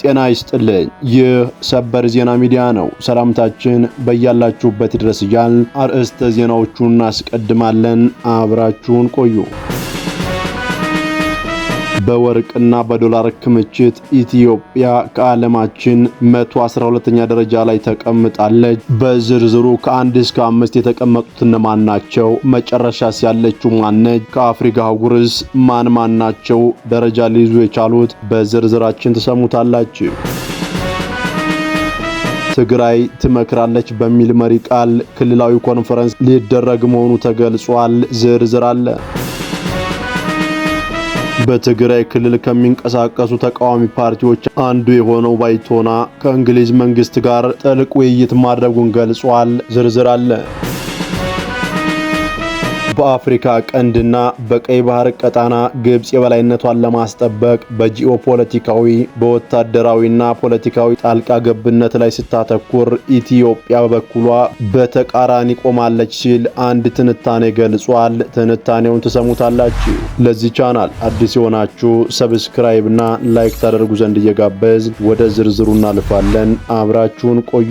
ጤና ይስጥልኝ። ይህ ሰበር ዜና ሚዲያ ነው። ሰላምታችን በያላችሁበት ድረስ እያል አርዕስተ ዜናዎቹን እናስቀድማለን። አብራችሁን ቆዩ። በወርቅና በዶላር ክምችት ኢትዮጵያ ከዓለማችን 112ኛ ደረጃ ላይ ተቀምጣለች። በዝርዝሩ ከአንድ እስከ አምስት የተቀመጡት እነማን ናቸው? መጨረሻስ ያለችው ማነች? ከአፍሪካ አህጉርስ ማን ማን ናቸው ደረጃ ሊይዙ የቻሉት? በዝርዝራችን ትሰሙታላችሁ። ትግራይ ትመክራለች በሚል መሪ ቃል ክልላዊ ኮንፈረንስ ሊደረግ መሆኑ ተገልጿል። ዝርዝር አለ። በትግራይ ክልል ከሚንቀሳቀሱ ተቃዋሚ ፓርቲዎች አንዱ የሆነው ባይቶና ከእንግሊዝ መንግስት ጋር ጥልቅ ውይይት ማድረጉን ገልጿል። ዝርዝር አለ። በአፍሪካ ቀንድና በቀይ ባህር ቀጣና ግብጽ የበላይነቷን ለማስጠበቅ በጂኦፖለቲካዊ በወታደራዊና ፖለቲካዊ ጣልቃ ገብነት ላይ ስታተኩር ኢትዮጵያ በበኩሏ በተቃራኒ ቆማለች ሲል አንድ ትንታኔ ገልጿል። ትንታኔውን ትሰሙታላችሁ። ለዚህ ቻናል አዲስ የሆናችሁ ሰብስክራይብ ላይክ ታደርጉ ዘንድ እየጋበዝ ወደ ዝርዝሩ እናልፋለን። አብራችሁን ቆዩ።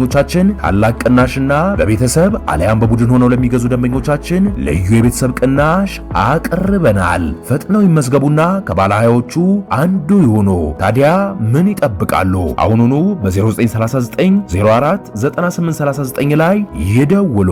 ደንበኞቻችን ታላቅ ቅናሽና በቤተሰብ አሊያም በቡድን ሆነው ለሚገዙ ደንበኞቻችን ልዩ የቤተሰብ ቅናሽ አቅርበናል። ፈጥነው ይመዝገቡና ከባለ አንዱ ይሁኑ። ታዲያ ምን ይጠብቃሉ? አሁኑኑ በ0939 04 9839 ላይ ይደውሉ።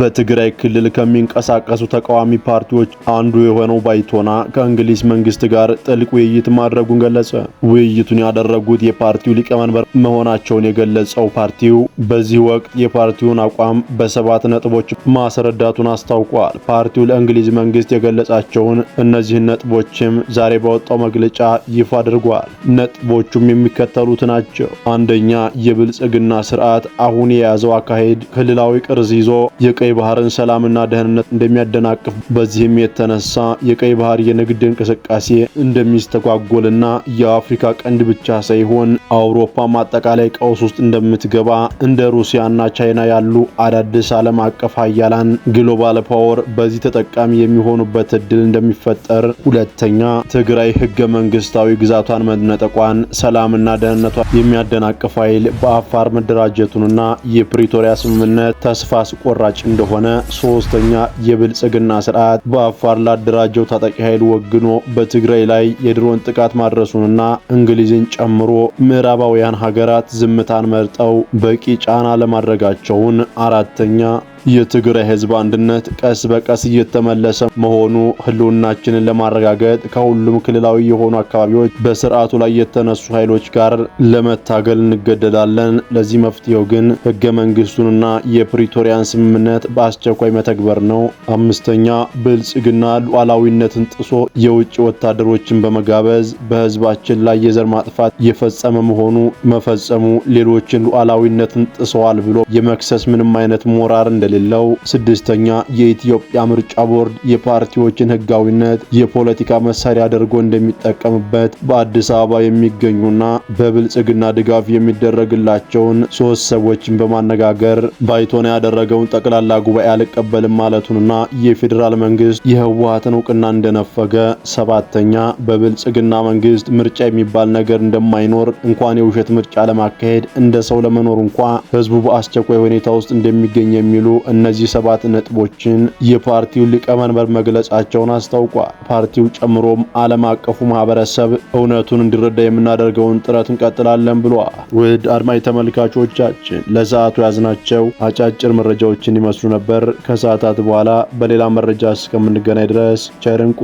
በትግራይ ክልል ከሚንቀሳቀሱ ተቃዋሚ ፓርቲዎች አንዱ የሆነው ባይቶና ከእንግሊዝ መንግስት ጋር ጥልቅ ውይይት ማድረጉን ገለጸ። ውይይቱን ያደረጉት የፓርቲው ሊቀመንበር መሆናቸውን የገለጸው ፓርቲው በዚህ ወቅት የፓርቲውን አቋም በሰባት ነጥቦች ማስረዳቱን አስታውቋል። ፓርቲው ለእንግሊዝ መንግስት የገለጻቸውን እነዚህን ነጥቦችም ዛሬ በወጣው መግለጫ ይፋ አድርጓል። ነጥቦቹም የሚከተሉት ናቸው። አንደኛ፣ የብልጽግና ስርዓት አሁን የያዘው አካሄድ ክልላዊ ቅርጽ ይዞ የቀይ ባህርን ሰላምና ደህንነት እንደሚያደናቅፍ በዚህም የተነሳ የቀይ ባህር የንግድ እንቅስቃሴ እንደሚስተጓጎልና የአፍሪካ ቀንድ ብቻ ሳይሆን አውሮፓም አጠቃላይ ቀውስ ውስጥ እንደምትገባ እንደ ሩሲያና ቻይና ያሉ አዳዲስ ዓለም አቀፍ ሀያላን ግሎባል ፓወር በዚህ ተጠቃሚ የሚሆኑበት እድል እንደሚፈጠር፣ ሁለተኛ ትግራይ ህገ መንግስታዊ ግዛቷን መነጠቋን ሰላምና ደህንነቷ የሚያደናቅፍ ኃይል በአፋር መደራጀቱንና የፕሪቶሪያ ስምምነት ተስፋ አስቆራጭ አማራጭ እንደሆነ፣ ሶስተኛ የብልጽግና ስርዓት በአፋር ላደራጀው ታጣቂ ኃይል ወግኖ በትግራይ ላይ የድሮን ጥቃት ማድረሱንና እንግሊዝን ጨምሮ ምዕራባውያን ሀገራት ዝምታን መርጠው በቂ ጫና ለማድረጋቸውን፣ አራተኛ የትግራይ ህዝብ አንድነት ቀስ በቀስ እየተመለሰ መሆኑ ህልውናችንን ለማረጋገጥ ከሁሉም ክልላዊ የሆኑ አካባቢዎች በስርዓቱ ላይ የተነሱ ኃይሎች ጋር ለመታገል እንገደዳለን። ለዚህ መፍትሄው ግን ህገ መንግስቱንና የፕሪቶሪያን ስምምነት በአስቸኳይ መተግበር ነው። አምስተኛ ብልጽግና ሉዓላዊነትን ጥሶ የውጭ ወታደሮችን በመጋበዝ በህዝባችን ላይ የዘር ማጥፋት የፈጸመ መሆኑ መፈጸሙ ሌሎችን ሉዓላዊነትን ጥሰዋል ብሎ የመክሰስ ምንም አይነት ሞራር እንደሌለ የሌለው ስድስተኛ የኢትዮጵያ ምርጫ ቦርድ የፓርቲዎችን ህጋዊነት የፖለቲካ መሳሪያ አድርጎ እንደሚጠቀምበት በአዲስ አበባ የሚገኙና በብልጽግና ድጋፍ የሚደረግላቸውን ሶስት ሰዎችን በማነጋገር ባይቶና ያደረገውን ጠቅላላ ጉባኤ አልቀበልም ማለቱንና የፌዴራል መንግስት የህወሀትን እውቅና እንደነፈገ፣ ሰባተኛ በብልጽግና መንግስት ምርጫ የሚባል ነገር እንደማይኖር እንኳን የውሸት ምርጫ ለማካሄድ እንደ ሰው ለመኖር እንኳ ህዝቡ በአስቸኳይ ሁኔታ ውስጥ እንደሚገኝ የሚሉ እነዚህ ሰባት ነጥቦችን የፓርቲው ሊቀመንበር መግለጻቸውን አስታውቋል። ፓርቲው ጨምሮም ዓለም አቀፉ ማህበረሰብ እውነቱን እንዲረዳ የምናደርገውን ጥረት እንቀጥላለን ብሏል። ውድ አድማጭ ተመልካቾቻችን ለሰዓቱ ያዝናቸው አጫጭር መረጃዎችን ይመስሉ ነበር። ከሰዓታት በኋላ በሌላ መረጃ እስከምንገናኝ ድረስ ቸርንቆ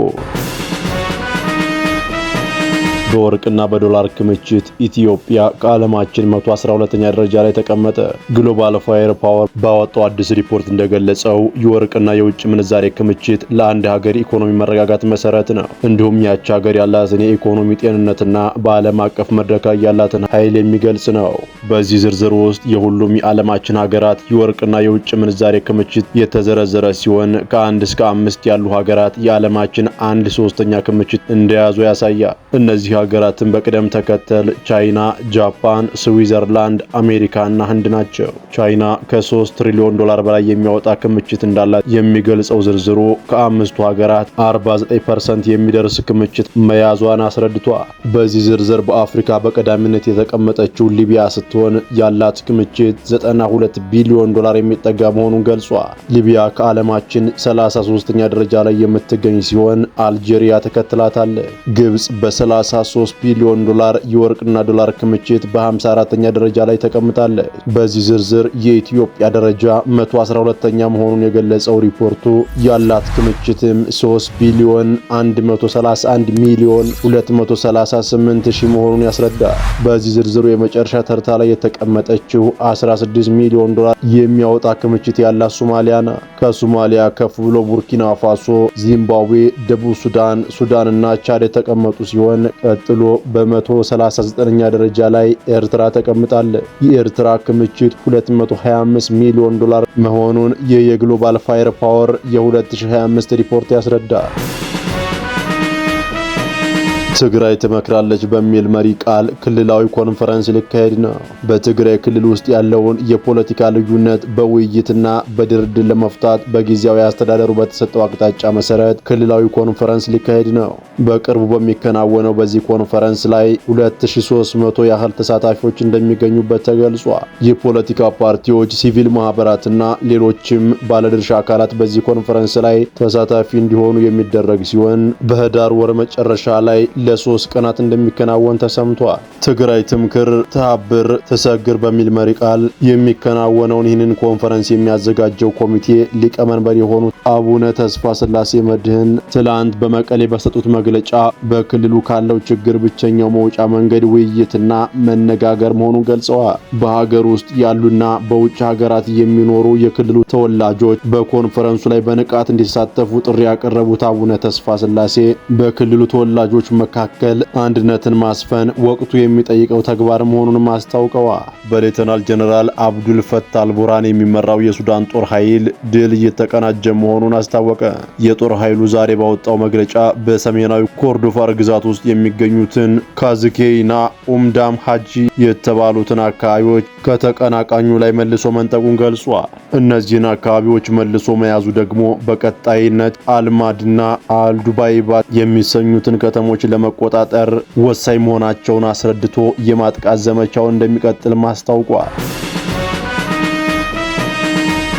በወርቅና በዶላር ክምችት ኢትዮጵያ ከዓለማችን 112ኛ ደረጃ ላይ ተቀመጠ። ግሎባል ፋየር ፓወር ባወጣው አዲስ ሪፖርት እንደገለጸው የወርቅና የውጭ ምንዛሬ ክምችት ለአንድ ሀገር ኢኮኖሚ መረጋጋት መሰረት ነው። እንዲሁም ያች ሀገር ያላትን የኢኮኖሚ ጤንነትና በዓለም አቀፍ መድረክ ላይ ያላትን ኃይል የሚገልጽ ነው። በዚህ ዝርዝር ውስጥ የሁሉም የዓለማችን ሀገራት የወርቅና የውጭ ምንዛሬ ክምችት የተዘረዘረ ሲሆን ከአንድ እስከ አምስት ያሉ ሀገራት የዓለማችን አንድ ሶስተኛ ክምችት እንደያዙ ያሳያል። እነዚህ ሀገራትን በቅደም ተከተል ቻይና፣ ጃፓን፣ ስዊዘርላንድ፣ አሜሪካና ህንድ ናቸው። ቻይና ከ3 ትሪሊዮን ዶላር በላይ የሚያወጣ ክምችት እንዳላት የሚገልጸው ዝርዝሩ ከአምስቱ ሀገራት 49% የሚደርስ ክምችት መያዟን አስረድቷል። በዚህ ዝርዝር በአፍሪካ በቀዳሚነት የተቀመጠችው ሊቢያ ስትሆን ያላት ክምችት 92 ቢሊዮን ዶላር የሚጠጋ መሆኑን ገልጿል። ሊቢያ ከዓለማችን 33ኛ ደረጃ ላይ የምትገኝ ሲሆን አልጄሪያ ተከትላታለች። ግብጽ በ33 3 ቢሊዮን ዶላር የወርቅና ዶላር ክምችት በ54ኛ ደረጃ ላይ ተቀምጣለች። በዚህ ዝርዝር የኢትዮጵያ ደረጃ 112ኛ መሆኑን የገለጸው ሪፖርቱ ያላት ክምችትም 3 ቢሊዮን 131 ሚሊዮን 238 ሺህ መሆኑን ያስረዳል። በዚህ ዝርዝሩ የመጨረሻ ተርታ ላይ የተቀመጠችው 16 ሚሊዮን ዶላር የሚያወጣ ክምችት ያላት ሶማሊያ ናት። ከሶማሊያ ከፍ ብሎ ቡርኪና ፋሶ፣ ዚምባብዌ፣ ደቡብ ሱዳን፣ ሱዳንና ቻድ የተቀመጡ ሲሆን ቀጥሎ በ139ኛ ደረጃ ላይ ኤርትራ ተቀምጣለች። የኤርትራ ክምችት 225 ሚሊዮን ዶላር መሆኑን ይህ የግሎባል ፋየር ፓወር የ2025 ሪፖርት ያስረዳል። ትግራይ ትመክራለች በሚል መሪ ቃል ክልላዊ ኮንፈረንስ ሊካሄድ ነው። በትግራይ ክልል ውስጥ ያለውን የፖለቲካ ልዩነት በውይይትና በድርድር ለመፍታት በጊዜያዊ አስተዳደሩ በተሰጠው አቅጣጫ መሰረት ክልላዊ ኮንፈረንስ ሊካሄድ ነው። በቅርቡ በሚከናወነው በዚህ ኮንፈረንስ ላይ 2300 ያህል ተሳታፊዎች እንደሚገኙበት ተገልጿል። የፖለቲካ ፓርቲዎች፣ ሲቪል ማህበራትና ሌሎችም ባለድርሻ አካላት በዚህ ኮንፈረንስ ላይ ተሳታፊ እንዲሆኑ የሚደረግ ሲሆን በህዳር ወር መጨረሻ ላይ ለሶስት ቀናት እንደሚከናወን ተሰምቷል። ትግራይ ትምክር ትሀብር ትሰግር በሚል መሪ ቃል የሚከናወነውን ይህንን ኮንፈረንስ የሚያዘጋጀው ኮሚቴ ሊቀመንበር የሆኑት አቡነ ተስፋ ስላሴ መድህን ትላንት በመቀሌ በሰጡት መግለጫ በክልሉ ካለው ችግር ብቸኛው መውጫ መንገድ ውይይትና መነጋገር መሆኑን ገልጸዋል። በሀገር ውስጥ ያሉና በውጭ ሀገራት የሚኖሩ የክልሉ ተወላጆች በኮንፈረንሱ ላይ በንቃት እንዲሳተፉ ጥሪ ያቀረቡት አቡነ ተስፋ ስላሴ በክልሉ ተወላጆች መካከል አንድነትን ማስፈን ወቅቱ የሚጠይቀው ተግባር መሆኑንም አስታውቀዋል። በሌተናል ጀነራል አብዱል ፈታ አልቡርሃን የሚመራው የሱዳን ጦር ኃይል ድል እየተቀናጀ መሆኑን አስታወቀ። የጦር ኃይሉ ዛሬ ባወጣው መግለጫ በሰሜናዊ ኮርዶፋር ግዛት ውስጥ የሚገኙትን ካዝኬይና ኡምዳም ሀጂ የተባሉትን አካባቢዎች ከተቀናቃኙ ላይ መልሶ መንጠቁን ገልጿል። እነዚህን አካባቢዎች መልሶ መያዙ ደግሞ በቀጣይነት አልማድና አልዱባይባ የሚሰኙትን ከተሞች ለመቆጣጠር ወሳኝ መሆናቸውን አስረድቶ የማጥቃት ዘመቻውን እንደሚቀጥልም አስታውቋል።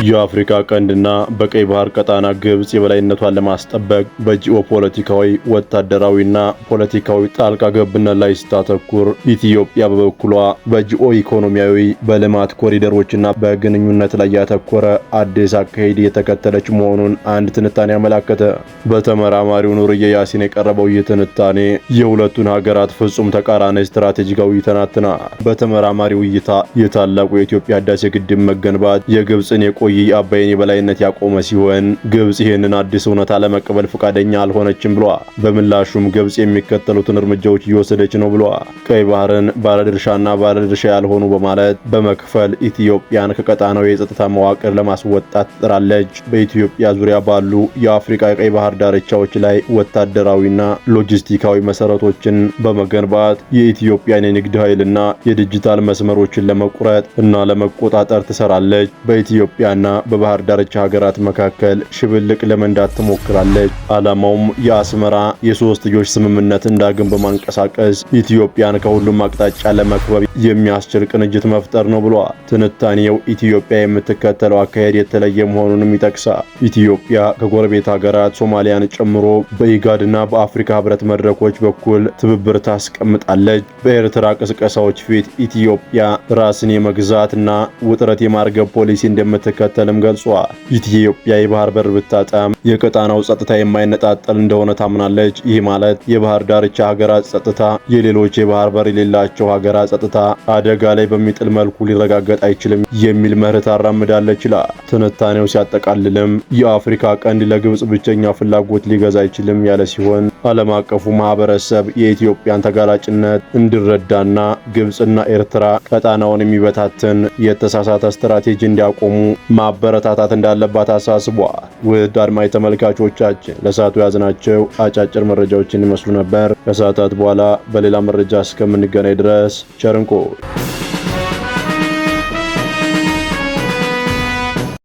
የአፍሪካ ቀንድና በቀይ ባህር ቀጣና ግብጽ የበላይነቷን ለማስጠበቅ በጂኦ ፖለቲካዊ ወታደራዊና ፖለቲካዊ ጣልቃ ገብነት ላይ ስታተኩር፣ ኢትዮጵያ በበኩሏ በጂኦ ኢኮኖሚያዊ በልማት ኮሪደሮችና በግንኙነት ላይ ያተኮረ አዲስ አካሄድ የተከተለች መሆኑን አንድ ትንታኔ አመላከተ። በተመራማሪው ኑርዬ ያሲን የቀረበው ይህ ትንታኔ የሁለቱን ሀገራት ፍጹም ተቃራኒ ስትራቴጂካዊ ተናትና በተመራማሪው እይታ የታላቁ የኢትዮጵያ ህዳሴ ግድብ መገንባት የግብጽን የቆ የቆየ አባይን የበላይነት ያቆመ ሲሆን ግብጽ ይህንን አዲስ እውነታ ለመቀበል ፈቃደኛ አልሆነችም ብሏል። በምላሹም ግብጽ የሚከተሉትን እርምጃዎች እየወሰደች ነው ብሏል። ቀይ ባህርን ባለድርሻና ባለድርሻ ያልሆኑ በማለት በመክፈል ኢትዮጵያን ከቀጣናው የጸጥታ መዋቅር ለማስወጣት ትጥራለች። በኢትዮጵያ ዙሪያ ባሉ የአፍሪካ የቀይ ባህር ዳርቻዎች ላይ ወታደራዊና ሎጂስቲካዊ መሰረቶችን በመገንባት የኢትዮጵያን የንግድ ኃይልና የዲጂታል መስመሮችን ለመቁረጥ እና ለመቆጣጠር ትሰራለች። በኢትዮጵያ በኢትዮጵያና በባህር ዳርቻ ሀገራት መካከል ሽብልቅ ለመንዳት ትሞክራለች። ዓላማውም የአስመራ የሶስትዮሽ ስምምነት እንዳግን በማንቀሳቀስ ኢትዮጵያን ከሁሉም አቅጣጫ ለመክበብ የሚያስችል ቅንጅት መፍጠር ነው ብለዋል። ትንታኔው ኢትዮጵያ የምትከተለው አካሄድ የተለየ መሆኑንም ይጠቅሳል። ኢትዮጵያ ከጎረቤት ሀገራት ሶማሊያን ጨምሮ በኢጋድና በአፍሪካ ህብረት መድረኮች በኩል ትብብር ታስቀምጣለች። በኤርትራ ቅስቀሳዎች ፊት ኢትዮጵያ ራስን የመግዛትና ውጥረት የማርገብ ፖሊሲ እንደምትከተል እንደሚከተልም ገልጿል። ኢትዮጵያ የባህር በር ብታጣም የቀጣናው ጸጥታ የማይነጣጠል እንደሆነ ታምናለች። ይህ ማለት የባህር ዳርቻ ሀገራት ጸጥታ የሌሎች የባህር በር የሌላቸው ሀገራት ጸጥታ አደጋ ላይ በሚጥል መልኩ ሊረጋገጥ አይችልም የሚል መርህ ታራምዳለች ይላል። ትንታኔው ሲያጠቃልልም የአፍሪካ ቀንድ ለግብጽ ብቸኛ ፍላጎት ሊገዛ አይችልም ያለ ሲሆን ዓለም አቀፉ ማህበረሰብ የኢትዮጵያን ተጋላጭነት እንዲረዳና ግብጽና ኤርትራ ቀጣናውን የሚበታትን የተሳሳተ ስትራቴጂ እንዲያቆሙ ማበረታታት እንዳለባት አሳስቧል። ውድ አድማጭ ተመልካቾቻችን ለሰዓቱ ያዝናቸው አጫጭር መረጃዎችን ይመስሉ ነበር። ከሰዓታት በኋላ በሌላ መረጃ እስከምንገናኝ ድረስ ቸርንቆ